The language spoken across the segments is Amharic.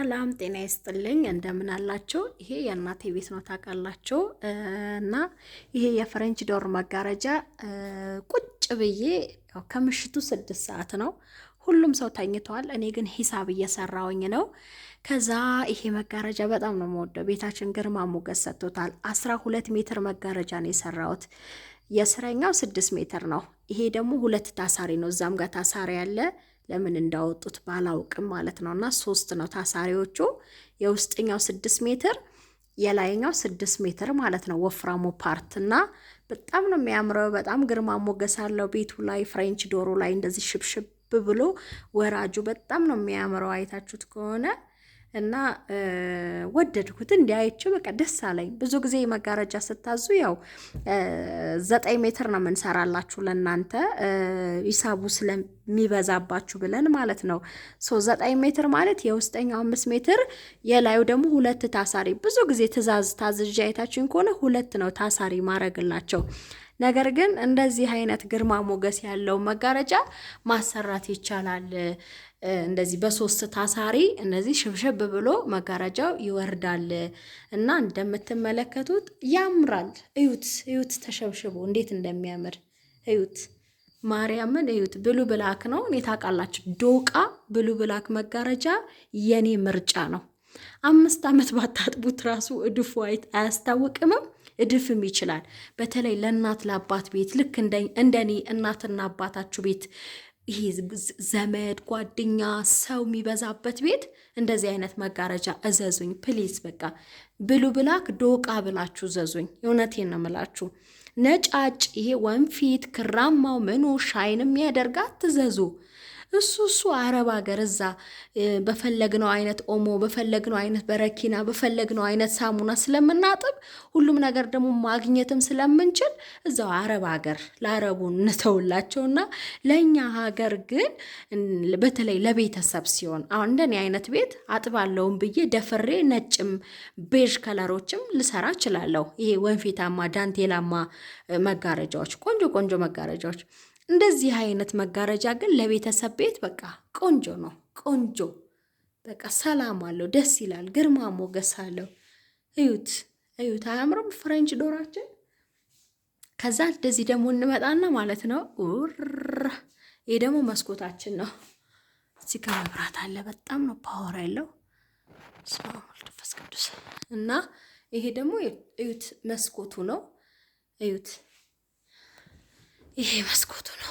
ሰላም ጤና ይስጥልኝ እንደምን አላችሁ? ይሄ የእናቴ ቤት ነው ታውቃላችሁ። እና ይሄ የፍሬንች ዶር መጋረጃ ቁጭ ብዬ ከምሽቱ ስድስት ሰዓት ነው፣ ሁሉም ሰው ተኝተዋል። እኔ ግን ሂሳብ እየሰራውኝ ነው። ከዛ ይሄ መጋረጃ በጣም ነው የምወደው። ቤታችን ግርማ ሞገስ ሰጥቶታል። አስራ ሁለት ሜትር መጋረጃ ነው የሰራሁት። የስረኛው ስድስት ሜትር ነው። ይሄ ደግሞ ሁለት ታሳሪ ነው። እዛም ጋር ታሳሪ አለ ለምን እንዳወጡት ባላውቅም ማለት ነው። እና ሶስት ነው ታሳሪዎቹ የውስጠኛው ስድስት ሜትር የላይኛው ስድስት ሜትር ማለት ነው። ወፍራሙ ፓርት እና በጣም ነው የሚያምረው። በጣም ግርማ ሞገስ አለው። ቤቱ ላይ ፍሬንች ዶሮ ላይ እንደዚህ ሽብሽብ ብሎ ወራጁ በጣም ነው የሚያምረው። አይታችሁት ከሆነ እና ወደድኩት። እንዲያየችው በቃ ደስ አለኝ። ብዙ ጊዜ መጋረጃ ስታዙ ያው ዘጠኝ ሜትር ነው የምንሰራላችሁ ለእናንተ ሂሳቡ ስለሚበዛባችሁ ብለን ማለት ነው። ሶ ዘጠኝ ሜትር ማለት የውስጠኛው አምስት ሜትር የላዩ ደግሞ ሁለት ታሳሪ። ብዙ ጊዜ ትእዛዝ ታዝዣ አይታችሁኝ ከሆነ ሁለት ነው ታሳሪ ማድረግላቸው ነገር ግን እንደዚህ አይነት ግርማ ሞገስ ያለው መጋረጃ ማሰራት ይቻላል። እንደዚህ በሶስት ታሳሪ እንደዚህ ሽብሽብ ብሎ መጋረጃው ይወርዳል እና እንደምትመለከቱት ያምራል። እዩት እዩት፣ ተሸብሽቦ እንዴት እንደሚያምር እዩት። ማርያምን እዩት። ብሉ ብላክ ነው እኔ ታውቃላችሁ፣ ዶቃ ብሉ ብላክ መጋረጃ የኔ ምርጫ ነው። አምስት ዓመት ባታጥቡት ራሱ እድፉ አያስታውቅምም። እድፍም ይችላል። በተለይ ለእናት ለአባት ቤት ልክ እንደኔ እናትና አባታችሁ ቤት ይሄ ዘመድ ጓደኛ ሰው የሚበዛበት ቤት እንደዚህ አይነት መጋረጃ እዘዙኝ ፕሊዝ። በቃ ብሉ ብላክ ዶቃ ብላችሁ እዘዙኝ። እውነቴን ነው የምላችሁ። ነጫጭ ይሄ ወንፊት ክራማው ምኑ ሻይን የሚያደርጋት ትዘዙ። እሱ እሱ አረብ ሀገር እዛ በፈለግነው አይነት ኦሞ በፈለግነው አይነት በረኪና በፈለግነው አይነት ሳሙና ስለምናጥብ ሁሉም ነገር ደግሞ ማግኘትም ስለምንችል እዛው አረብ ሀገር ለአረቡ እንተውላቸውና ለእኛ ሀገር ግን በተለይ ለቤተሰብ ሲሆን አሁን እንደኔ አይነት ቤት አጥባለውን ብዬ ደፍሬ ነጭም ቤዥ ከለሮችም ልሰራ እችላለሁ። ይሄ ወንፊታማ ዳንቴላማ መጋረጃዎች፣ ቆንጆ ቆንጆ መጋረጃዎች እንደዚህ አይነት መጋረጃ ግን ለቤተሰብ ቤት በቃ ቆንጆ ነው። ቆንጆ በቃ ሰላም አለው፣ ደስ ይላል፣ ግርማ ሞገስ አለው። እዩት፣ እዩት፣ አያምርም? ፍሬንች ዶራችን። ከዛ እንደዚህ ደግሞ እንመጣና ማለት ነው ውር ይህ ደግሞ መስኮታችን ነው። እዚህ ጋር መብራት አለ። በጣም ነው ፓወር ያለው ስማ ቅዱስ እና ይሄ ደግሞ እዩት መስኮቱ ነው። እዩት ይሄ መስኮቱ ነው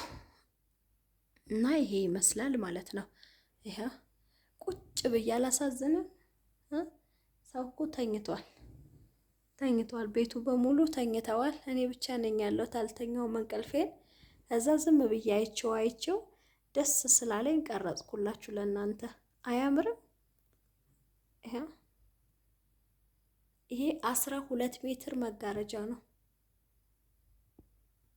እና ይሄ ይመስላል ማለት ነው። ይሄ ቁጭ ብዬ አላሳዝንም። ሰው እኮ ተኝቷል ተኝቷል። ቤቱ በሙሉ ተኝተዋል። እኔ ብቻ ነኝ ያለሁት አልተኛውም እንቅልፌን። ከዛ ዝም ብዬ አይቼው አይቼው ደስ ስላለኝ ቀረጽኩላችሁ ለእናንተ። አያምርም? ይሄ አስራ ሁለት ሜትር መጋረጃ ነው።